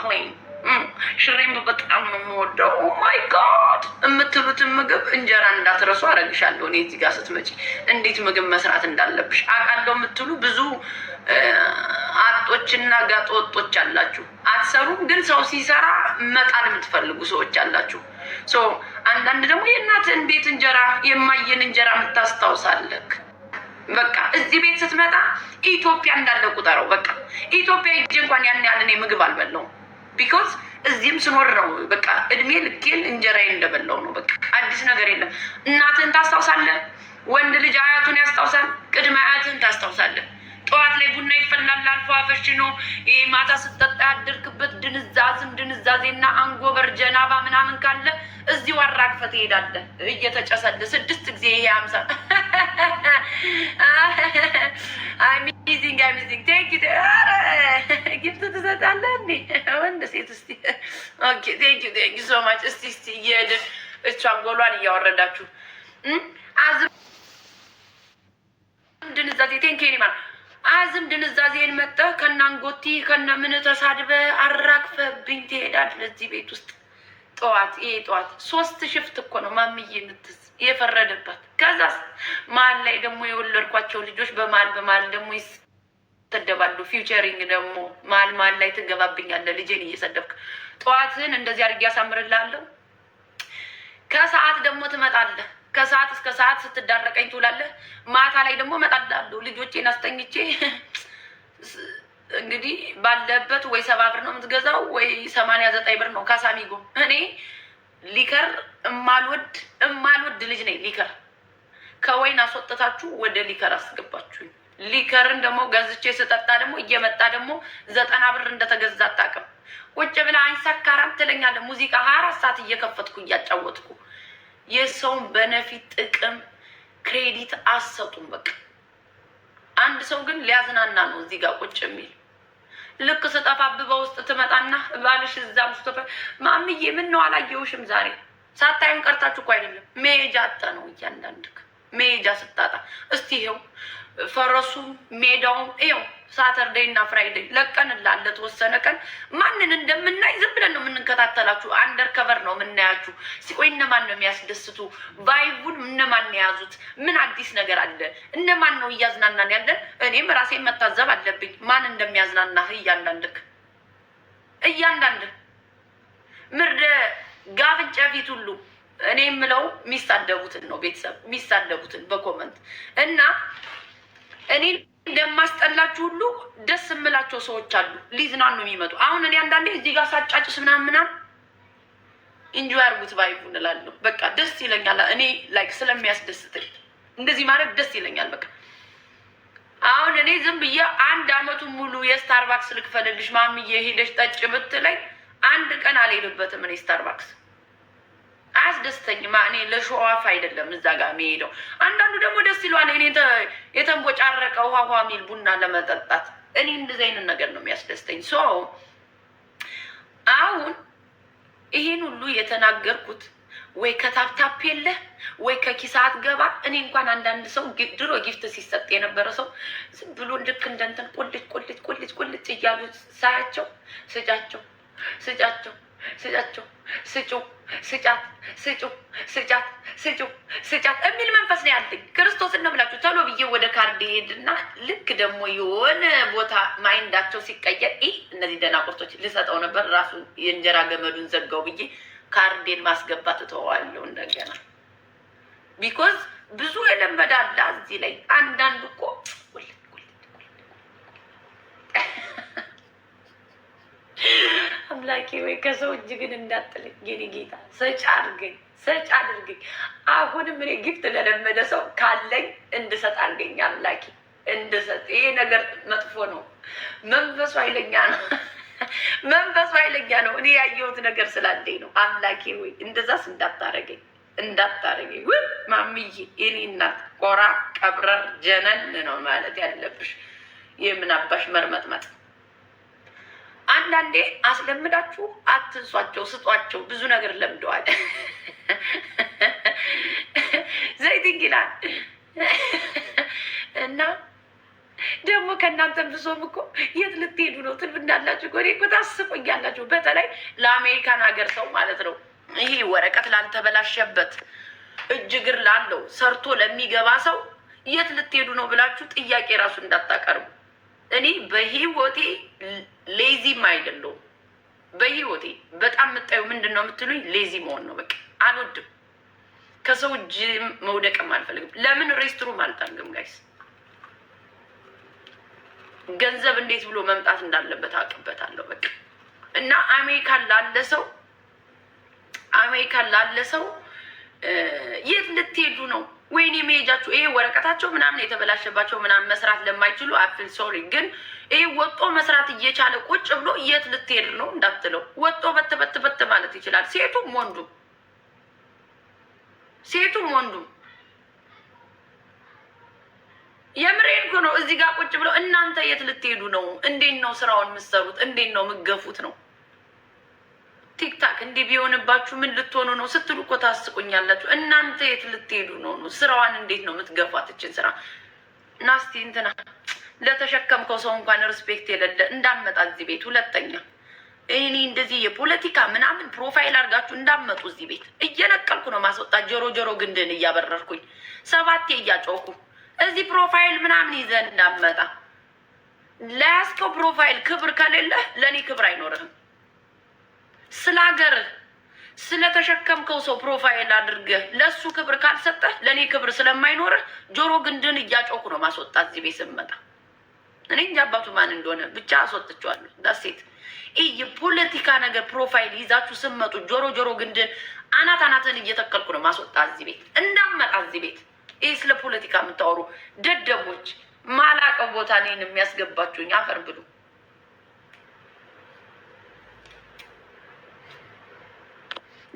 ክሊን ሽሬም በጣም ነው የምወደው። ኦማይ ጋድ የምትሉትን ምግብ እንጀራ እንዳትረሱ አደርግሻለሁ። እኔ እዚህ ጋር ስትመጪ እንዴት ምግብ መስራት እንዳለብሽ አውቃለሁ የምትሉ ብዙ አጦችና ጋጠ ወጦች አላችሁ። አትሰሩም ግን ሰው ሲሰራ መጣል የምትፈልጉ ሰዎች አላችሁ። አንዳንድ ደግሞ የእናትህን ቤት እንጀራ የማየን እንጀራ የምታስታውሳለህ። በቃ እዚህ ቤት ስትመጣ ኢትዮጵያ እንዳለ ቁጠረው። በቃ ኢትዮጵያ ሂጅ እንኳን ያን ያህል እኔ ምግብ አልበላሁም ቢኮዝ እዚህም ስኖር ነው በቃ እድሜ ልኬን እንጀራዬ እንደበላው ነው። በቃ አዲስ ነገር የለም። እናትህን ታስታውሳለህ። ወንድ ልጅ አያቱን ያስታውሳል። ቅድመ አያትህን ታስታውሳለህ። ጠዋት ላይ ቡና ይፈላል፣ አልፎ አፈሽኖ ማታ ስጠጣ ያደርክበት ድንዛዝም ድንዛዜና አንጎበር ጀናባ ምናምን ካለ እዚሁ አራግፈ ትሄዳለ። እየተጨሰለ ስድስት ጊዜ ይሄ አምሳ አሚዚንግ አሚዚንግ ቴንክ ጊፍት እንዴ ወንድ ሴት ስ ቴንክ ቴንክ እስቲ እስቲ እየሄድን ጎሏን እያወረዳችሁ አዝ ድንዛዜ ቴንክ ማለት አዝም ድንዛዜን መጠህ ከናንጎቲ ከነምን ተሳድበ አራግፈብኝ ትሄዳለህ። እዚህ ቤት ውስጥ ጠዋት ይሄ ጠዋት ሶስት ሽፍት እኮ ነው ማምዬ የምትዝ የፈረደባት። ከዛ መሀል ላይ ደግሞ የወለድኳቸው ልጆች በመሀል በመሀል ደግሞ ይሰደባሉ። ፊውቸሪንግ ደግሞ መሀል መሀል ላይ ትገባብኛለህ። ልጄን እየሰደብክ ጠዋትህን እንደዚህ አድርጌ ያሳምርላለሁ። ከሰዓት ደግሞ ትመጣለህ ከሰዓት እስከ ሰዓት ስትዳረቀኝ ትውላለህ። ማታ ላይ ደግሞ እመጣላለሁ ልጆቼን አስተኝቼ እንግዲህ ባለበት ወይ ሰባ ብር ነው የምትገዛው ወይ ሰማንያ ዘጠኝ ብር ነው ካሳሚጎ። እኔ ሊከር እማልወድ እማልወድ ልጅ ነኝ። ሊከር ከወይን አስወጥታችሁ ወደ ሊከር አስገባችሁኝ። ሊከርን ደግሞ ገዝቼ ስጠጣ ደግሞ እየመጣ ደግሞ ዘጠና ብር እንደተገዛ አታውቅም። ቁጭ ብላ አይ ትለኛለ ሙዚቃ ሀያ አራት ሰዓት እየከፈትኩ እያጫወትኩ የሰውን በነፊት ጥቅም ክሬዲት አሰጡም። በቃ አንድ ሰው ግን ሊያዝናና ነው እዚህ ጋር ቁጭ የሚል ልክ ስጠፋብ በውስጥ ትመጣና ባልሽ እዛ ስቶ ማምዬ ምን ነው አላየውሽም ዛሬ ሳታይም ቀርታችሁ እኮ አይደለም መሄጃ አጣ ነው እያንዳንድ መሄጃ ስታጣ እስቲ ይኸው ፈረሱም ሜዳውም ይኸው ሳተርዴይ እና ፍራይዴይ ለቀንላ ለተወሰነ ቀን ማንን እንደምናይ ዝም ብለን ነው የምንከታተላችሁ። አንደር ከቨር ነው የምናያችሁ። ሲቆይ እነማን ነው የሚያስደስቱ? ቫይቡን እነማን የያዙት? ምን አዲስ ነገር አለ? እነማን ነው እያዝናናን ያለን? እኔም ራሴን መታዘብ አለብኝ፣ ማን እንደሚያዝናናህ እያንዳንድክ እያንዳንድ ምርደ ጋብጫ ፊት ሁሉ እኔ የምለው የሚሳደቡትን ነው ቤተሰብ የሚሳደቡትን በኮመንት እና እኔ እንደማስጠላችሁ ሁሉ ደስ የምላቸው ሰዎች አሉ፣ ሊዝናኑ የሚመጡ አሁን እኔ አንዳንዴ እዚህ ጋር ሳጫጭስ ምና ምናምን ኢንጆ ያርጉት ባይቡ እንላለሁ። በቃ ደስ ይለኛል። እኔ ላይክ ስለሚያስደስትኝ እንደዚህ ማድረግ ደስ ይለኛል። በቃ አሁን እኔ ዝም ብዬ አንድ አመቱን ሙሉ የስታርባክስ ልክፈልልሽ ማምዬ ሄደሽ ጠጭ ብትለኝ አንድ ቀን አልሄድበትም እኔ ስታርባክስ አያስደስተኝም። እኔ ለሸዋፍ አይደለም እዛ ጋር የሚሄደው። አንዳንዱ ደግሞ ደስ ይሏል፣ እኔ የተንቦጫረቀ ውሃ ውሃ ሚል ቡና ለመጠጣት። እኔ እንደዚህ አይነት ነገር ነው የሚያስደስተኝ። ሶ አሁን ይሄን ሁሉ የተናገርኩት ወይ ከታፕታፕ የለ ወይ ከኪስ አትገባ። እኔ እንኳን አንዳንድ ሰው ድሮ ጊፍት ሲሰጥ የነበረ ሰው ዝም ብሎ ልክ እንደንትን ቁልጭ ቁልጭ ቁልጭ ቁልጭ እያሉ ሳያቸው ስጫቸው ስጫቸው ስጫቸው፣ ስጩ፣ ስጫት፣ ስጩ፣ ስጫት፣ ስጩ፣ ስጫት የሚል መንፈስ ነው ያለኝ። ክርስቶስን ነው ብላችሁ ቶሎ ብዬ ወደ ካርድ ሄድና ልክ ደግሞ የሆነ ቦታ ማይንዳቸው ሲቀየር ይህ እነዚህ ደናቁርቶች ልሰጠው ነበር ራሱ የእንጀራ ገመዱን ዘጋው ብዬ ካርዴን ማስገባት እተዋለሁ እንደገና። ቢኮዝ ብዙ የለመዳዳ እዚህ ላይ አንዳንድ እኮ አምላኬ ወይ ከሰው እጅ ግን እንዳጥልኝ ጌኔ ጌታ ሰጭ አድርገኝ፣ ሰጭ አድርገኝ። አሁንም እኔ ግፍት ለለመደ ሰው ካለኝ እንድሰጥ አድርገኝ አምላኬ፣ እንድሰጥ። ይሄ ነገር መጥፎ ነው። መንፈሱ ኃይለኛ ነው። መንፈሱ ኃይለኛ ነው። እኔ ያየሁት ነገር ስላለኝ ነው። አምላኬ ወይ እንደዛስ እንዳታረገኝ እንዳታረገኝ ውይ ማምዬ፣ የኔ እናት ቆራ ቀብረር ጀነን ነው ማለት ያለብሽ። የምን አባሽ መርመጥመጥ አንዳንዴ አስለምዳችሁ አትንሷቸው፣ ስጧቸው። ብዙ ነገር ለምደዋል። ዘይቲንግ ይላል እና ደግሞ ከእናንተም ብሶም እኮ የት ልትሄዱ ነው? ትልብ እንዳላችሁ ጎዴ እኮ ታስቆያላችሁ። በተለይ ለአሜሪካን ሀገር ሰው ማለት ነው። ይሄ ወረቀት ላልተበላሸበት እጅ እግር ላለው ሰርቶ ለሚገባ ሰው የት ልትሄዱ ነው ብላችሁ ጥያቄ ራሱ እንዳታቀርቡ። እኔ በህይወቴ ሌዚም አይደለሁም። በህይወቴ በጣም የምታዩ ምንድን ነው የምትሉኝ? ሌዚ መሆን ነው። በቃ አልወድም። ከሰው እጅ መውደቅም አልፈልግም። ለምን ሬስትሩም አልጠርግም ጋይስ። ገንዘብ እንዴት ብሎ መምጣት እንዳለበት አውቅበታለሁ። በቃ እና አሜሪካን ላለ ሰው አሜሪካን ላለ ሰው የት ልትሄዱ ነው? ወይኔ መሄጃቸው ይሄ ወረቀታቸው ምናምን የተበላሸባቸው ምናምን መስራት ለማይችሉ አፍል ሶሪ። ግን ይሄ ወጦ መስራት እየቻለ ቁጭ ብሎ የት ልትሄድ ነው እንዳትለው፣ ወጦ በትበትበት ማለት ይችላል። ሴቱም ወንዱም ሴቱም ወንዱም የምሬን እኮ ነው። እዚህ ጋር ቁጭ ብለው እናንተ የት ልትሄዱ ነው? እንዴት ነው ስራውን የምትሰሩት? እንዴት ነው የምትገፉት ነው ቲክታክ እንዲህ ቢሆንባችሁ ምን ልትሆኑ ነው ስትሉ እኮ ታስቁኛላችሁ። እናንተ የት ልትሄዱ ነው ነው? ስራዋን እንዴት ነው የምትገፋት? እችን ስራ ናስቲ እንትና ለተሸከምከው ሰው እንኳን ሪስፔክት የሌለ እንዳመጣ እዚህ ቤት ሁለተኛ እኔ እንደዚህ የፖለቲካ ምናምን ፕሮፋይል አድርጋችሁ እንዳመጡ እዚህ ቤት እየነቀልኩ ነው ማስወጣት። ጆሮ ጆሮ ግንድን እያበረርኩኝ ሰባቴ እያጮኩ እዚህ ፕሮፋይል ምናምን ይዘን እንዳመጣ ለያስከው ፕሮፋይል ክብር ከሌለ ለእኔ ክብር አይኖርህም። ስለ ሀገር ስለተሸከምከው ሰው ፕሮፋይል አድርገህ ለእሱ ክብር ካልሰጠህ ለእኔ ክብር ስለማይኖርህ ጆሮ ግንድን እያጮኩ ነው ማስወጣት። እዚህ ቤት ስመጣ እኔ እንጂ አባቱ ማን እንደሆነ ብቻ አስወጥቼዋለሁ። ዳሴት ይህ የፖለቲካ ነገር ፕሮፋይል ይዛችሁ ስመጡ ጆሮ ጆሮ ግንድን አናት አናትን እየተከልኩ ነው ማስወጣ እዚህ ቤት እንዳመጣ እዚህ ቤት ይህ ስለ ፖለቲካ የምታወሩ ደደቦች ማላቀው ቦታ እኔን የሚያስገባችሁኝ አፈር ብሉ።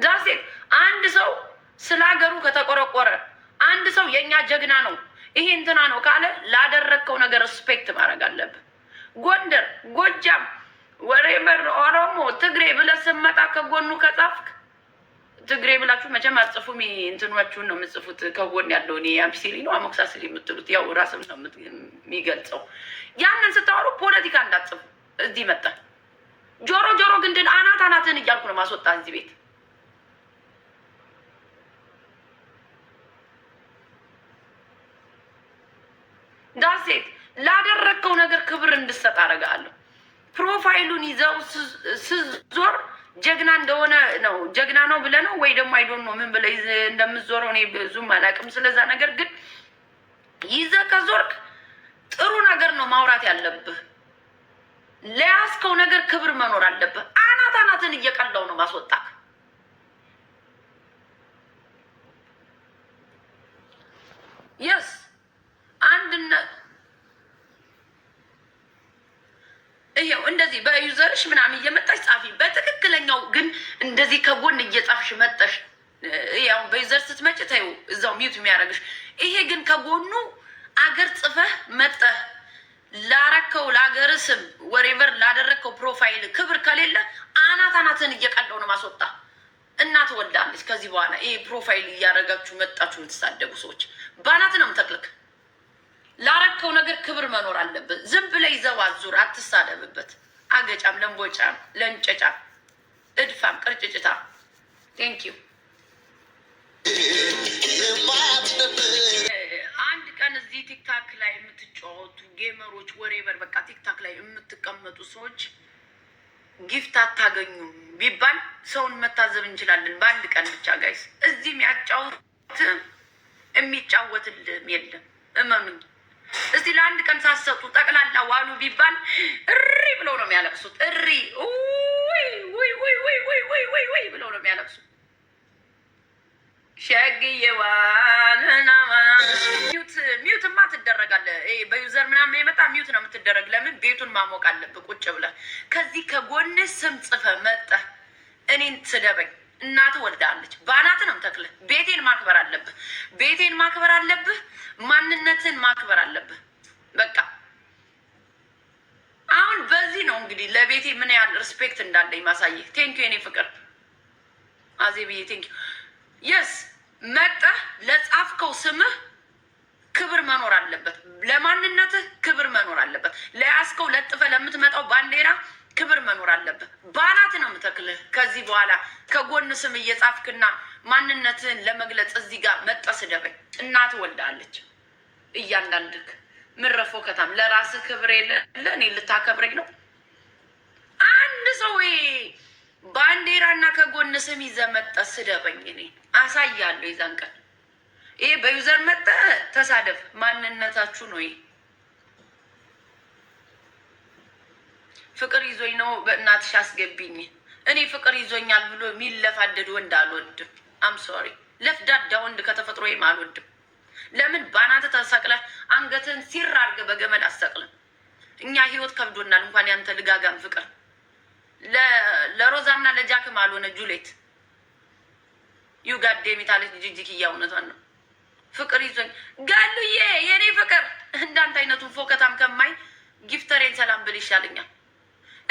ዛሴት አንድ ሰው ስለ ሀገሩ ከተቆረቆረ አንድ ሰው የእኛ ጀግና ነው ይሄ እንትና ነው ካለ ላደረግከው ነገር ሪስፔክት ማድረግ አለብን። ጎንደር፣ ጎጃም፣ ወሬበር፣ ኦሮሞ፣ ትግሬ ብለህ ስመጣ ከጎኑ ከጻፍክ ትግሬ ብላችሁ መቼም አትጽፉም። እንትኖቹን ነው የምጽፉት። ከጎን ያለው እኔ አምሲሊ ነው አሞክሳሲሊ የምትሉት ያው ራስም ነው የሚገልጸው። ያንን ስታወሩ ፖለቲካ እንዳጽፉ እዚህ መጣ ጆሮ ጆሮ ግንድን አናት አናትን እያልኩ ነው ማስወጣ እዚህ ቤት ጋዜት ላደረግከው ነገር ክብር እንድሰጥ አደርጋለሁ። ፕሮፋይሉን ይዘው ስዞር ጀግና እንደሆነ ነው ጀግና ነው ብለህ ነው ወይ ደግሞ አይዶን ነው ምን ብለህ እንደምትዞረው እኔ ብዙም አላውቅም ስለዛ ነገር። ግን ይዘህ ከዞርክ ጥሩ ነገር ነው ማውራት ያለብህ። ለያዝከው ነገር ክብር መኖር አለብህ። አናት አናትን እየቀላው ነው ማስወጣት የስ አንድነት ይሄው እንደዚህ በዩዘርሽ ምናምን እየመጣሽ ጻፊ። በትክክለኛው ግን እንደዚህ ከጎን እየጻፍሽ መጠሽ ያው በዩዘር ስትመጭ ተይው እዛው ሚዩት የሚያደርግሽ ይሄ ግን ከጎኑ አገር ጽፈህ መጠህ ላረከው ለአገር ስም ወሬቨር ላደረግከው ፕሮፋይል ክብር ከሌለ አናት አናትን እየቀለው ነው ማስወጣ እና ትወልዳለች። ከዚህ በኋላ ይሄ ፕሮፋይል እያደረጋችሁ መጣችሁ የምትሳደቡ ሰዎች በአናት ነው ምተክልክ ላረከው ነገር ክብር መኖር አለበት። ዝም ብለህ ይዘው አዙር፣ አትሳደብበት። አገጫም፣ ለንቦጫም፣ ለንጨጫም፣ እድፋም፣ ቅርጭጭታ ቴንክ ዩ። አንድ ቀን እዚህ ቲክታክ ላይ የምትጫወቱ ጌመሮች፣ ወሬበር በቃ ቲክታክ ላይ የምትቀመጡ ሰዎች ጊፍት አታገኙም ቢባል ሰውን መታዘብ እንችላለን። በአንድ ቀን ብቻ ጋይስ፣ እዚህ ያጫወት የሚጫወትልም የለም እመኑኝ። እስቲ ለአንድ ቀን ሳሰጡ ጠቅላላ ዋሉ ቢባል እሪ ብለው ነው የሚያለቅሱት። እሪ ውይ ብለው ነው የሚያለቅሱት። ሚዩትማ ትደረጋለህ። በዩዘር ምናምን የመጣ ሚዩት ነው የምትደረግ። ለምን ቤቱን ማሞቅ አለብህ ቁጭ ብለህ። ከዚህ ከጎንህ ስም ጽፈህ መጠህ እኔን ስደበኝ እናት ወልዳለች። ባናት ነው ተክለ ቤቴን ማክበር አለብህ። ቤቴን ማክበር አለብህ። ማንነትን ማክበር አለብህ። በቃ አሁን በዚህ ነው እንግዲህ ለቤቴ ምን ያህል ሪስፔክት እንዳለኝ ማሳየህ። ቴንኪው የኔ ፍቅር አዜብዬ፣ ቴንኪው የስ መጠህ ለጻፍከው ስምህ ክብር መኖር አለበት። ለማንነትህ ክብር መኖር አለበት። ለያዝከው ለጥፈ ለምትመጣው ባንዴራ ክብር መኖር አለብህ። ባናት ነው የምተክልህ። ከዚህ በኋላ ከጎን ስም እየጻፍክና ማንነትህን ለመግለጽ እዚህ ጋር መጠ ስደበኝ። እናት ወልዳለች። እያንዳንድክ ምረፎ ከታም ለራስህ ክብር የለ እኔ ልታከብረኝ ነው። አንድ ሰው ባንዲራና ከጎን ስም ይዘህ መጠህ ስደበኝ፣ እኔ አሳያለሁ። የዛን ቀን ይሄ በዩዘር መጠህ ተሳደብ። ማንነታችሁ ነው ይሄ። ፍቅር ይዞኝ ነው በእናትሽ አስገቢኝ፣ እኔ ፍቅር ይዞኛል ብሎ የሚለፋደድ ወንድ አልወድም። አም ሶሪ ለፍዳዳ ወንድ ከተፈጥሮ ወይም አልወድም። ለምን በአናተ ተሰቅለ አንገትን ሲር አድርገህ በገመድ አሰቅልም። እኛ ህይወት ከብዶናል። እንኳን ያንተ ልጋጋም ፍቅር ለሮዛና ለጃክም አልሆነ። ጁሌት ዩጋዴሚት አለች ጅጅክያ። እውነቷን ነው። ፍቅር ይዞኝ ጋሉዬ፣ የእኔ ፍቅር እንዳንተ አይነቱን ፎከታም ከማይ ጊፍተሬን ሰላም ብል ይሻለኛል።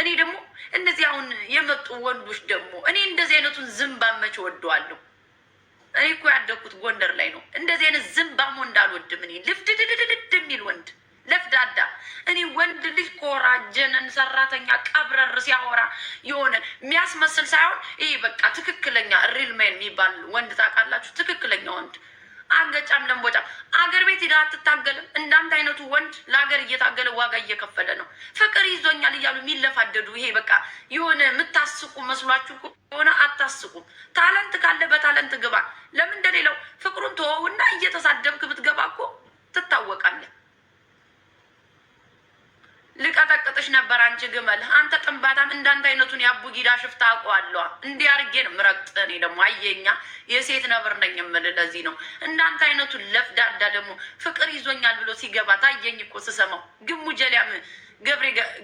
እኔ ደግሞ እነዚህ አሁን የመጡ ወንዶች ደግሞ እኔ እንደዚህ አይነቱን ዝምባም መቼ ወደዋለሁ? እኔ እኮ ያደግኩት ጎንደር ላይ ነው። እንደዚህ አይነት ዝምባም ወንድ አልወድም። እኔ ልፍድድድድድ የሚል ወንድ ለፍዳዳ። እኔ ወንድ ልጅ ጀነን ሰራተኛ ቀብረር ሲያወራ የሆነ የሚያስመስል ሳይሆን ይሄ በቃ ትክክለኛ ሪልሜን የሚባል ወንድ ታውቃላችሁ? ትክክለኛ ወንድ አገጫም ለምቦጫም አገር ቤት ሄዳ አትታገልም። እንዳንተ አይነቱ ወንድ ለሀገር እየታገለ ዋጋ እየከፈለ ነው። ፍቅር ይዞኛል እያሉ የሚለፋደዱ ይሄ በቃ የሆነ የምታስቁ መስሏችሁ የሆነ አታስቁም። ታለንት ካለ በታለንት ግባ። ለምን እንደሌለው ፍቅሩን ተወውና እየተሳደብክ ብትገባ እኮ ትታወቃለህ። ልቀጠቅጥሽ ነበር አንቺ ግመል። አንተ ጥንባታም እንዳንተ አይነቱን የአቡጊዳ ሽፍታ አውቀዋለሁ። እንዲህ አድርጌ ነው የምረግጥ። እኔ ደግሞ አየኛ የሴት ነብር ነኝ የምልህ ለዚህ ነው። እንዳንተ አይነቱን ለፍዳዳ ደግሞ ፍቅር ይዞኛል ብሎ ሲገባ ታየኝ እኮ ስሰማው ግሙ ጀሊያም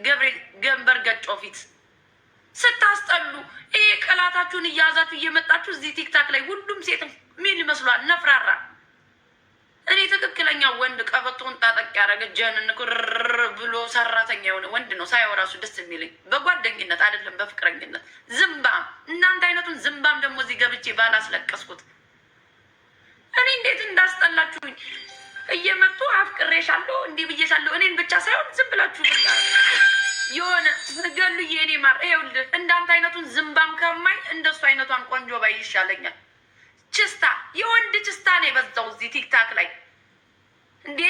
ገብሬ ገንበር ገጮ ፊት ስታስጠሉ ይሄ ቀላታችሁን እያያዛችሁ እየመጣችሁ እዚህ ቲክታክ ላይ ሁሉም ሴት ሚል ይመስሏል ነፍራራ እኔ ትክክለኛ ወንድ ቀበቶን ጣጠቅ ያደረገ ጀንን ቁር ብሎ ሰራተኛ የሆነ ወንድ ነው ሳየው ራሱ ደስ የሚለኝ በጓደኝነት አይደለም በፍቅረኝነት። ዝምባም እናንተ አይነቱን ዝምባም ደግሞ እዚህ ገብቼ ባላስለቀስኩት እኔ እንዴት እንዳስጠላችሁኝ እየመጡ አፍቅሬሻለሁ እንዲህ ብዬሻለሁ እኔን ብቻ ሳይሆን ዝም ብላችሁ የሆነ ገሉ የኔ ማር ይኸውልህ እንዳንተ አይነቱን ዝምባም ከማይ እንደሱ አይነቷን ቆንጆ ባይ ይሻለኛል። ችስታ የወንድ ችስታ ነው የበዛው እዚህ ቲክታክ ላይ እንዴ!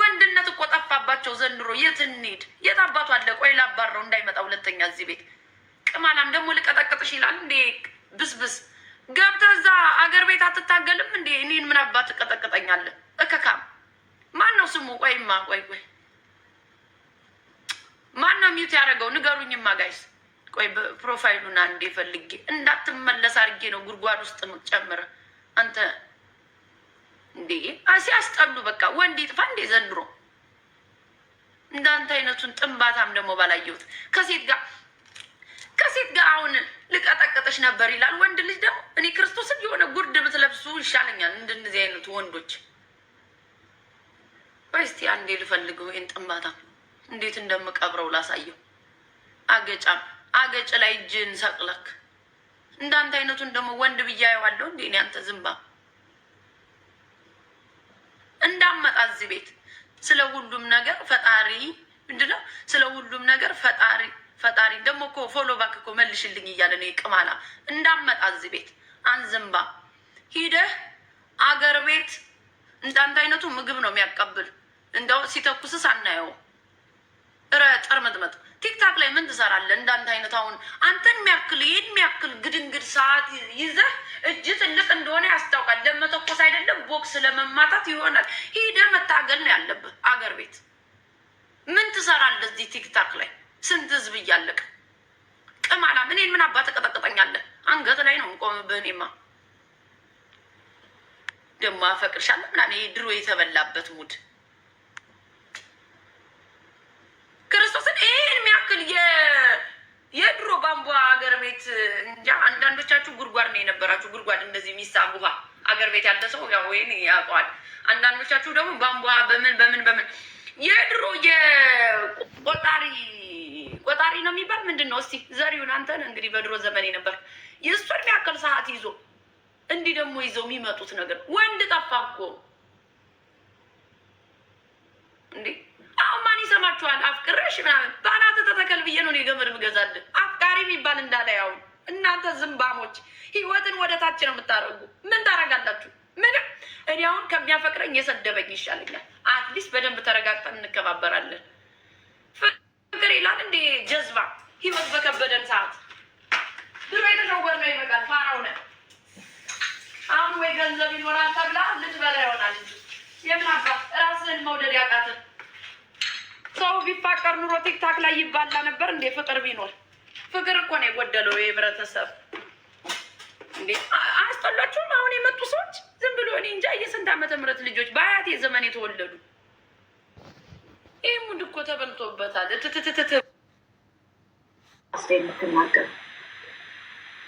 ወንድነት እኮ ጠፋባቸው ዘንድሮ። የት እንሂድ? የት አባቱ አለ? ቆይ ላባረው እንዳይመጣ ሁለተኛ እዚህ ቤት። ቅማላም ደግሞ ልቀጠቅጥሽ ይላል እንዴ! ብስብስ ገብተ እዛ አገር ቤት አትታገልም እንዴ? እኔን ምን አባት ትቀጠቅጠኛለህ? እከካም ማን ነው ስሙ? ቆይማ ቆይ ቆይ ማን ነው ሚዩት ያደረገው? ንገሩኝማ ጋይስ ቆይ ፕሮፋይሉን አንዴ ፈልጌ እንዳትመለስ አድርጌ ነው ጉድጓድ ውስጥ ጨምረ አንተ እንዴ ሲያስጠሉ በቃ ወንድ ይጥፋ እንዴ ዘንድሮ እንዳንተ አይነቱን ጥንባታም ደግሞ ባላየሁት ከሴት ጋር ከሴት ጋር አሁን ልቀጠቀጠሽ ነበር ይላል ወንድ ልጅ ደግሞ እኔ ክርስቶስን የሆነ ጉርድ ብትለብሱ ይሻለኛል እንደነዚህ አይነቱ ወንዶች ቆይ እስቲ አንዴ ልፈልገው ይህን ጥንባታም እንዴት እንደምቀብረው ላሳየው አገጫም አገጭ ላይ እጅን ሰቅለክ እንዳንተ አይነቱን ደግሞ ወንድ ብዬ አየዋለሁ እንዴ? እኔ አንተ ዝምባ እንዳመጣ እዚህ ቤት ስለ ሁሉም ነገር ፈጣሪ ምንድነው? ስለ ሁሉም ነገር ፈጣሪ ፈጣሪ ደግሞ እኮ ፎሎ ባክ እኮ መልሽልኝ እያለ ነው የቅማላ እንዳመጣ እዚህ ቤት አንዝምባ ሂደህ አገር ቤት እንዳንተ አይነቱ ምግብ ነው የሚያቀብል እንደው ሲተኩስስ አናየው ረ ጠርመጥመጥ ቲክታክ ላይ ምን ትሰራለህ? እንዳንተ አይነት አሁን አንተን የሚያክል ይህን የሚያክል ግድንግድ ሰዓት ይዘህ እጅ ትልቅ እንደሆነ ያስታውቃል። ለመተኮስ አይደለም ቦክስ ለመማታት ይሆናል። ሂደህ መታገል ነው ያለብህ። አገር ቤት ምን ትሰራለህ? እዚህ ቲክታክ ላይ ስንት ህዝብ እያለቀ ቅማላ ምን ምን አባ ቀጠቅጠኛለህ? አንገት ላይ ነው የምቆምብህ። እኔማ ደግሞ አፈቅርሻለሁ ምናምን ይሄ ድሮ የተበላበት ሙድ ክርስቶስን ትክክል የድሮ ቧንቧ አገር ቤት እንጃ። አንዳንዶቻችሁ ጉድጓድ ነው የነበራችሁ። ጉድጓድ እንደዚህ የሚሳብ ውሃ አገር ቤት ያለ ሰው ያው ወይን ያውቀዋል። አንዳንዶቻችሁ ደግሞ ቧንቧ በምን በምን በምን የድሮ የቆጣሪ ቆጣሪ ነው የሚባል ምንድን ነው? እስቲ ዘሪውን አንተን እንግዲህ በድሮ ዘመን ነበር የእሱን የሚያክል ሰዓት ይዞ እንዲህ ደግሞ ይዘው የሚመጡት ነገር ወንድ ጠፋ እኮ እንዴ! አሁን ማን ይሰማችኋል? አፍቅረሽ ምናምን ብዬ ነው ገመድ ምገዛልን አፍቃሪ የሚባል እንዳለ ያው እናንተ ዝምባሞች ህይወትን ወደ ታች ነው የምታደርጉ። ምን ታደርጋላችሁ? ምንም። እኔ አሁን ከሚያፈቅረኝ የሰደበኝ ይሻለኛል። አትሊስት በደንብ ተረጋግጠን እንከባበራለን። ፍቅር ይላል እንዴ ጀዝባ። ህይወት በከበደን ሰዓት ድሮ የተሸወር ነው ይበቃል። ፋራውነ አሁን ወይ ገንዘብ ይኖራል ተብላ ልትበላ ይሆናል እንጂ የምን አባት ራስህን መውደድ ያቃትን ሰው ቢፋቀር ኑሮ ቲክታክ ላይ ይባላ ነበር እንዴ? ፍቅር ቢኖር ፍቅር እኮ ነው የጎደለው የህብረተሰብ እንዴ። አያስጠላችሁም? አሁን የመጡ ሰዎች ዝም ብሎ እኔ እንጃ የስንት ዓመተ ምህረት ልጆች በአያቴ ዘመን የተወለዱ ይህ ሙድ እኮ ተበልቶበታል። ትትትትት የምትናገር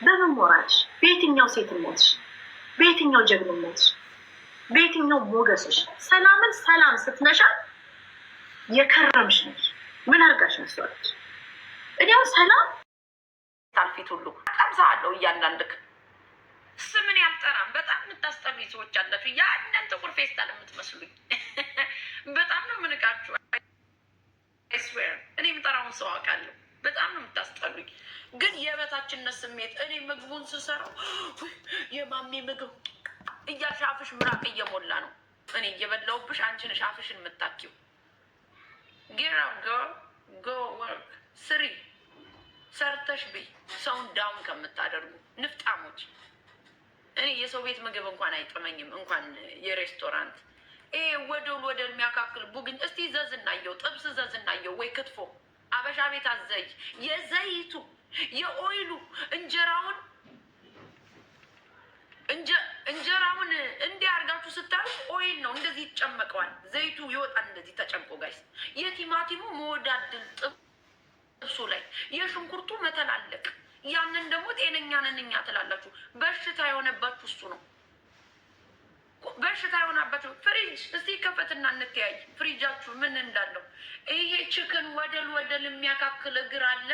በምን ሞራች? በየትኛው ሴትነትሽ? በየትኛው ጀግንነትሽ? በየትኛው ሞገስሽ? ሰላምን ሰላም ስትነሻል የከረምሽ ነች። ምን አርጋሽ መስሏለች? እኔው ሰላም ታልፊት ሁሉ ቀምሳ አለው እያንዳንድክ ስምን ያልጠራም በጣም የምታስጠሉ ሰዎች አላችሁ። ያንን ጥቁር ፌስታል የምትመስሉኝ በጣም ነው ምንቃችሁ። እኔ የምጠራውን ሰው አውቃለሁ። በጣም ነው የምታስጠሉኝ። ግን የበታችነት ስሜት እኔ ምግቡን ስሰራው የማሜ ምግብ እያልሽ አፍሽ ምራቅ እየሞላ ነው። እኔ እየበላውብሽ አንቺ ሻፍሽን አፍሽን የምታኪው ጌራ ጎ ወርክ ስሪ ሰርተሽ ብይ። ሰውን ዳውን ከምታደርጉ ንፍጣሞች። እኔ የሰው ቤት ምግብ እንኳን አይጥመኝም፣ እንኳን የሬስቶራንት ይሄ ወደውን ወደ የሚያካክል ቡግኝ። እስቲ ዘዝ እናየው፣ ጥብስ ዘዝ እናየው፣ ወይ ክትፎ አበሻ ቤት አዘይ የዘይቱ የኦይሉ እንጀራውን እንጀራውን እንዲህ አድርጋችሁ ስታዩ ኦይል ነው እንደዚህ ይጨመቀዋል። ዘይቱ ይወጣል እንደዚህ ተጨምቆ ጋይስ። የቲማቲሙ መወዳድል ጥብሱ ላይ የሽንኩርቱ መተላለቅ፣ ያንን ደግሞ ጤነኛ ነን እኛ ትላላችሁ። በሽታ የሆነባችሁ እሱ ነው። በሽታ የሆናባችሁ ፍሪጅ እስቲ ከፈትና እንተያይ። ፍሪጃችሁ ምን እንዳለው ይሄ ችክን ወደል ወደል የሚያካክል እግር አለ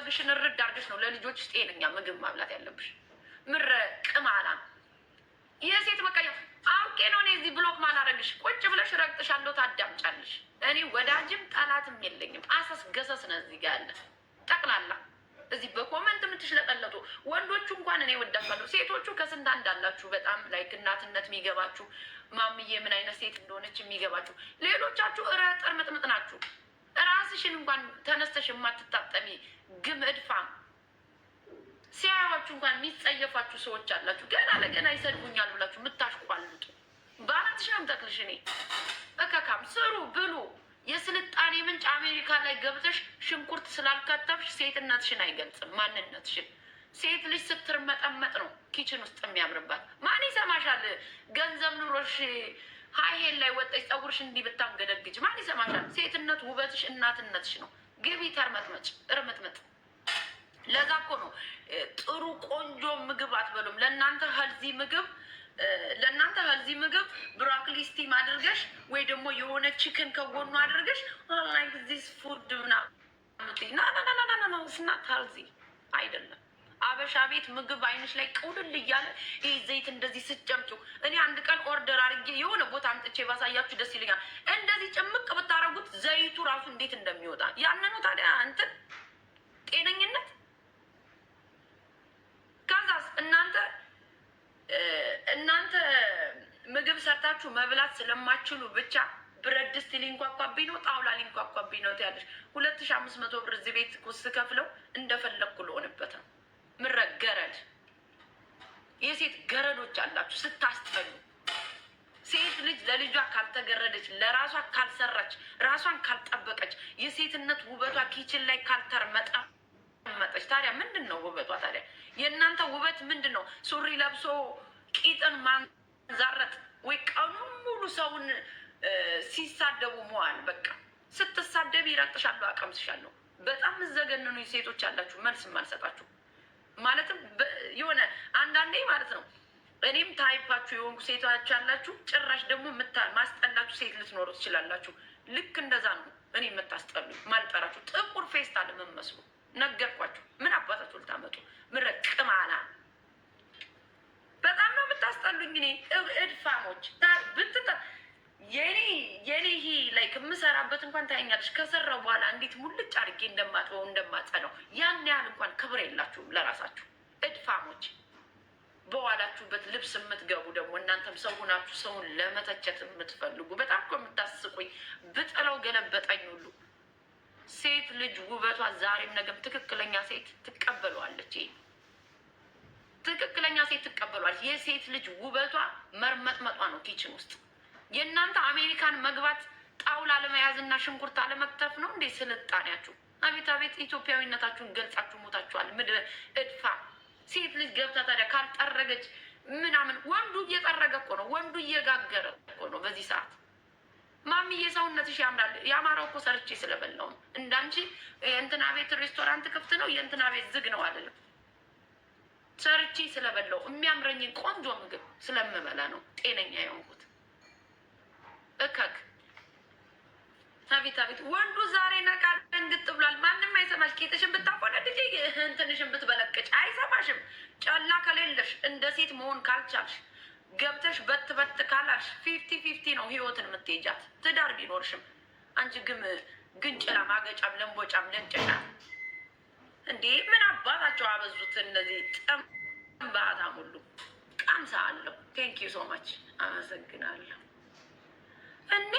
ማድረግሽን ርድ አድርገሽ ነው ለልጆች ጤነኛ ምግብ ማብላት ያለብሽ። ምረ ቅማላ የሴት በቃ አውቄ ነው እኔ እዚህ ብሎክ ማላረግሽ። ቁጭ ብለሽ ረግጥሻለሁ፣ ታዳምጫለሽ። እኔ ወዳጅም ጠላትም የለኝም። አሰስ ገሰስ ነው እዚህ ጋር ያለ ጠቅላላ። እዚህ በኮመንት የምትሽለጠለጡ ወንዶቹ እንኳን እኔ ወዳፋለሁ። ሴቶቹ ከስንት አንዳላችሁ በጣም ላይክ እናትነት የሚገባችሁ ማምዬ ምን አይነት ሴት እንደሆነች የሚገባችሁ ሌሎቻችሁ እረ ጥርምጥምጥ ናችሁ። ራስሽን እንኳን ተነስተሽ የማትታጠሚ ግም እድፋም ሲያዩዋችሁ እንኳን የሚጸየፋችሁ ሰዎች አላችሁ። ገና ለገና ይሰድቡኛል ብላችሁ የምታሽቋልጡ በአናትሽን አምጠቅልሽ እኔ እከካም ስሩ ብሉ። የስልጣኔ ምንጭ አሜሪካ ላይ ገብተሽ ሽንኩርት ስላልከተፍሽ ሴትነትሽን አይገልጽም ማንነትሽን። ሴት ልጅ ስትርመጠመጥ ነው ኪችን ውስጥ የሚያምርባት። ማን ይሰማሻል? ገንዘብ ኑሮሽ ሀይሄን ላይ ወጣች ፀጉርሽ እንዲህ ብታንገደግጅ ማን ይሰማሻል? ሴትነት ውበትሽ እናትነትሽ ነው። ግቢ ተርመጥመጭ እርምጥምጥ። ለዛ እኮ ነው ጥሩ ቆንጆ ምግብ አትበሉም። ለእናንተ ሀልዚ ምግብ ለእናንተ ሀልዚ ምግብ ብሮኮሊ ስቲም አድርገሽ ወይ ደግሞ የሆነ ቺክን ከጎኑ አድርገሽ ላይክ ዚስ ፉድ ምናምን ናናናናና ስናት ሀልዚ አይደለም። አበሻ ቤት ምግብ አይንሽ ላይ ቅውልል እያለ ይህ ዘይት እንደዚህ ስጨምጩ፣ እኔ አንድ ቀን ኦርደር አድርጌ የሆነ ቦታ አምጥቼ ባሳያችሁ ደስ ይለኛል። እንደዚህ ጭምቅ ብታረጉት ዘይቱ ራሱ እንዴት እንደሚወጣ ያንኑ። ታዲያ እንትን ጤነኝነት ከዛስ እናንተ እናንተ ምግብ ሰርታችሁ መብላት ስለማችሉ ብቻ ብረት ድስት ሊንኳኳብኝ ነው፣ ጣውላ ሊንኳኳብኝ ነው ትያለሽ። ሁለት ሺ አምስት መቶ ብር እዚህ ቤት ስከፍለው እንደፈለግኩ ልሆንበት ነው። ምረግ ገረድ የሴት ገረዶች አላችሁ ስታስጠሉ። ሴት ልጅ ለልጇ ካልተገረደች፣ ለራሷ ካልሰራች፣ ራሷን ካልጠበቀች፣ የሴትነት ውበቷ ኪችን ላይ ካልተርመጣ መጠች ታዲያ ምንድን ነው ውበቷ? ታዲያ የእናንተ ውበት ምንድን ነው? ሱሪ ለብሶ ቂጥን ማንዛረጥ ወይ ቀኑን ሙሉ ሰውን ሲሳደቡ መዋል። በቃ ስትሳደብ ይረቅጥሻለሁ፣ አቀምስሻለሁ። በጣም ዘገንኑ ሴቶች አላችሁ መልስ የማልሰጣችሁ ማለትም የሆነ አንዳንዴ ማለት ነው እኔም ታይፓችሁ የሆንኩ ሴቶች ያላችሁ፣ ጭራሽ ደግሞ ማስጠላችሁ ሴት ልትኖሩ ትችላላችሁ። ልክ እንደዛ ነው። እኔ የምታስጠሉ ማልጠራችሁ ጥቁር ፌስታል የምመስሉ ነገርኳችሁ። ምን አባታችሁ ልታመጡ ምረቅማላ በጣም ነው የምታስጠሉኝ። እኔ እድፋሞች ብትጠ የኔ የኔ ይሄ ላይክ የምሰራበት እንኳን ታየኛለች። ከሰራው በኋላ እንዴት ሙልጭ አድርጌ እንደማጥበው እንደማጸነው ያን ያህል እንኳን ክብር የላችሁም ለራሳችሁ እድፋሞች። በዋላችሁበት ልብስ የምትገቡ ደግሞ እናንተም ሰው ሆናችሁ ሰውን ለመተቸት የምትፈልጉ በጣም እኮ የምታስቁኝ። ብጥለው ገለበጠኝ ሁሉ ሴት ልጅ ውበቷ ዛሬም ነገም ትክክለኛ ሴት ትቀበለዋለች። ትክክለኛ ሴት ትቀበለዋለች። የሴት ልጅ ውበቷ መርመጥመጧ ነው ኪችን ውስጥ የእናንተ አሜሪካን መግባት ጣውላ ለመያዝና ሽንኩርት አለመክተፍ ነው እንዴ ስልጣኔያችሁ? አቤት አቤት! ኢትዮጵያዊነታችሁን ገልጻችሁ ሞታችኋል። ምድረ እድፋ ሴት ልጅ ገብታ ታዲያ ካልጠረገች ምናምን ወንዱ እየጠረገ እኮ ነው፣ ወንዱ እየጋገረ እኮ ነው። በዚህ ሰዓት ማሚዬ ሰውነትሽ ያምራል። የአማራው እኮ ሰርቼ ስለበላውም እንዳንቺ የእንትና ቤት ሬስቶራንት ክፍት ነው የእንትና ቤት ዝግ ነው አይደለም። ሰርቼ ስለበላው የሚያምረኝን ቆንጆ ምግብ ስለምበላ ነው ጤነኛ የሆንኩት። እከክ አቤት አቤት ወንዱ ዛሬ ነቃ ደንግጥ ብሏል። ማንም አይሰማሽ። ቂጥሽን ጌጥሽን ብታቆነድጂ እንትንሽን ብትበለቅጭ አይሰማሽም። ጨላ ከሌለሽ እንደ ሴት መሆን ካልቻልሽ ገብተሽ በት በት ካላልሽ ፊፍቲ ፊፍቲ ነው ህይወትን የምትሄጃት። ትዳር ቢኖርሽም አንቺ ግም ግንጭላ ማገጫም ለንቦጫም ለንጭላ እንዴ! ምን አባታቸው አበዙት እነዚህ ጠምባታ ሙሉ ቃምሳ አለው። ቴንክ ዩ ሶ ማች አመሰግናለሁ። እንዴ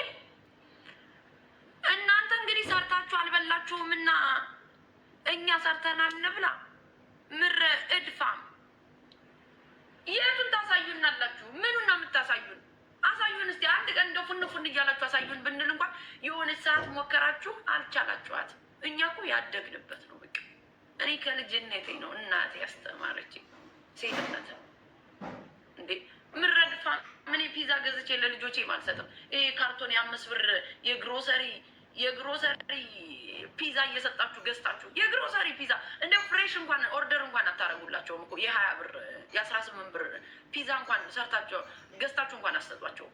እናንተ እንግዲህ ሰርታችሁ አልበላችሁም እና እኛ ሰርተናል እንብላ። ምር እድፋም የቱን ታሳዩን አላችሁ? ምኑን ነው የምታሳዩን? አሳዩን እስቲ አንድ ቀን እንደ ፉን ፉን እያላችሁ አሳዩን ብንል እንኳን የሆነች ሰዓት ሞከራችሁ፣ አልቻላችኋት። እኛ እኮ ያደግንበት ነው በቃ። እኔ ከልጅነቴ ነው እናቴ ያስተማረች ሴትነት እንዴ ምረድፋ ምን ፒዛ ገዝቼ ለልጆቼ አልሰጥም። ይሄ ካርቶን የአምስት ብር የግሮሰሪ የግሮሰሪ ፒዛ እየሰጣችሁ ገዝታችሁ የግሮሰሪ ፒዛ እንደ ፍሬሽ እንኳን ኦርደር እንኳን አታደርጉላቸውም እኮ የሀያ ብር የአስራ ስምንት ብር ፒዛ እንኳን ሰርታቸው ገዝታችሁ እንኳን አሰጧቸው።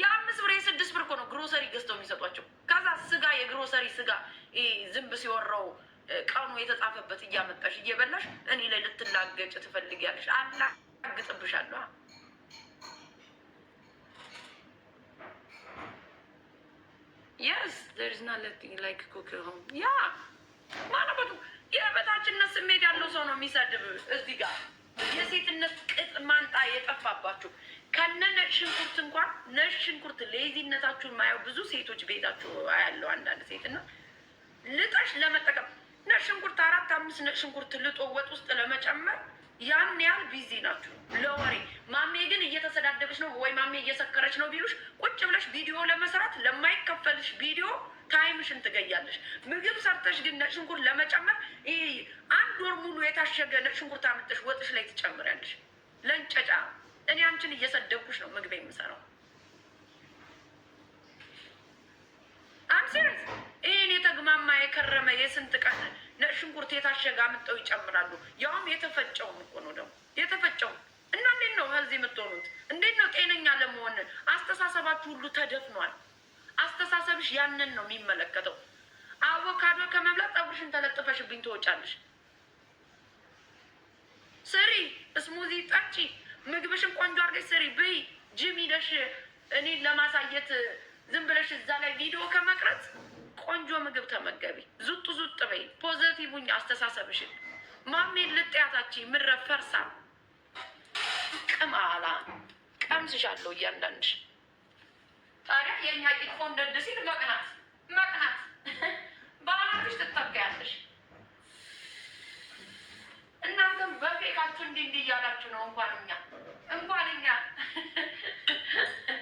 የአምስት ብር የስድስት ብር እኮ ነው ግሮሰሪ ገዝተው የሚሰጧቸው። ከዛ ስጋ የግሮሰሪ ስጋ ዝንብ ሲወራው ቀኑ የተጻፈበት እያመጣሽ እየበላሽ እኔ ላይ ልትላገጭ ትፈልጊያለሽ። አላግጥብሻለሁ። የስ ርስ ና ላይክ ኮክ ሆም ያ ማነበቱ የበታችነት ስሜት ያለው ሰው ነው የሚሰድብ። እዚህ ጋር የሴትነት ቅጥ ማንጣ የጠፋባችሁ ከነነ ሽንኩርት እንኳን ነጭ ሽንኩርት ሌዚነታችሁን ማየው ብዙ ሴቶች ቤታችሁ ያለው አንዳንድ ሴትና ልጠሽ ለመጠቀም ነጭ ሽንኩርት አራት አምስት ነጭ ሽንኩርት ልጦ ወጥ ውስጥ ለመጨመር ያን ያህል ቢዚ ናችሁ ለወሬ። ማሜ ግን እየተሰዳደበች ነው ወይ ማሜ እየሰከረች ነው ቢሉሽ ቁጭ ብለሽ ቪዲዮ ለመስራት ለማይከፈልሽ ቪዲዮ ታይምሽን ትገያለሽ። ምግብ ሰርተሽ ግን ነጭ ሽንኩርት ለመጨመር ይሄ አንድ ወር ሙሉ የታሸገ ነጭ ሽንኩርት አምጥተሽ ወጥሽ ላይ ትጨምሪያለሽ። ለእንጨጫ እኔ አንቺን እየሰደብኩሽ ነው ምግብ የምሰራው። አምሴ ይህን የተግማማ የከረመ የስንት ቀን ሽንኩርት የታሸገ አምጠው ይጨምራሉ። ያውም የተፈጨውን እኮ ነው ደግሞ የተፈጨውን እና እንዴት ነው ከዚህ የምትሆኑት? እንዴት ነው ጤነኛ ለመሆን? አስተሳሰባችሁ ሁሉ ተደፍኗል። አስተሳሰብሽ ያንን ነው የሚመለከተው። አቮካዶ ከመብላት ጠጉርሽን ተለጥፈሽብኝ ትወጫለሽ። ስሪ፣ ስሙዚ ጠጪ፣ ምግብሽን ቆንጆ አድርገሽ ስሪ፣ ብይ። ጅም ሂደሽ እኔን ለማሳየት ዝም ብለሽ እዛ ላይ ቪዲዮ ከመቅረጽ ቆንጆ ምግብ ተመገቢ፣ ዙጥ ዙጥ በይ፣ ፖዘቲቭኝ ሁኚ አስተሳሰብሽን። ማሜ ልጥያታች ምረ ፈርሳ ቅማላ ቀምስሻለሁ እያንዳንድሽ። ታዲያ የእኛ ቂጥ እንደድ ሲል መቅናት መቅናት በአናትሽ ትጠቀያለሽ። እናንተም በፌቃችሁ እንዲህ እንዲህ እያላችሁ ነው። እንኳን እኛ እንኳን እኛ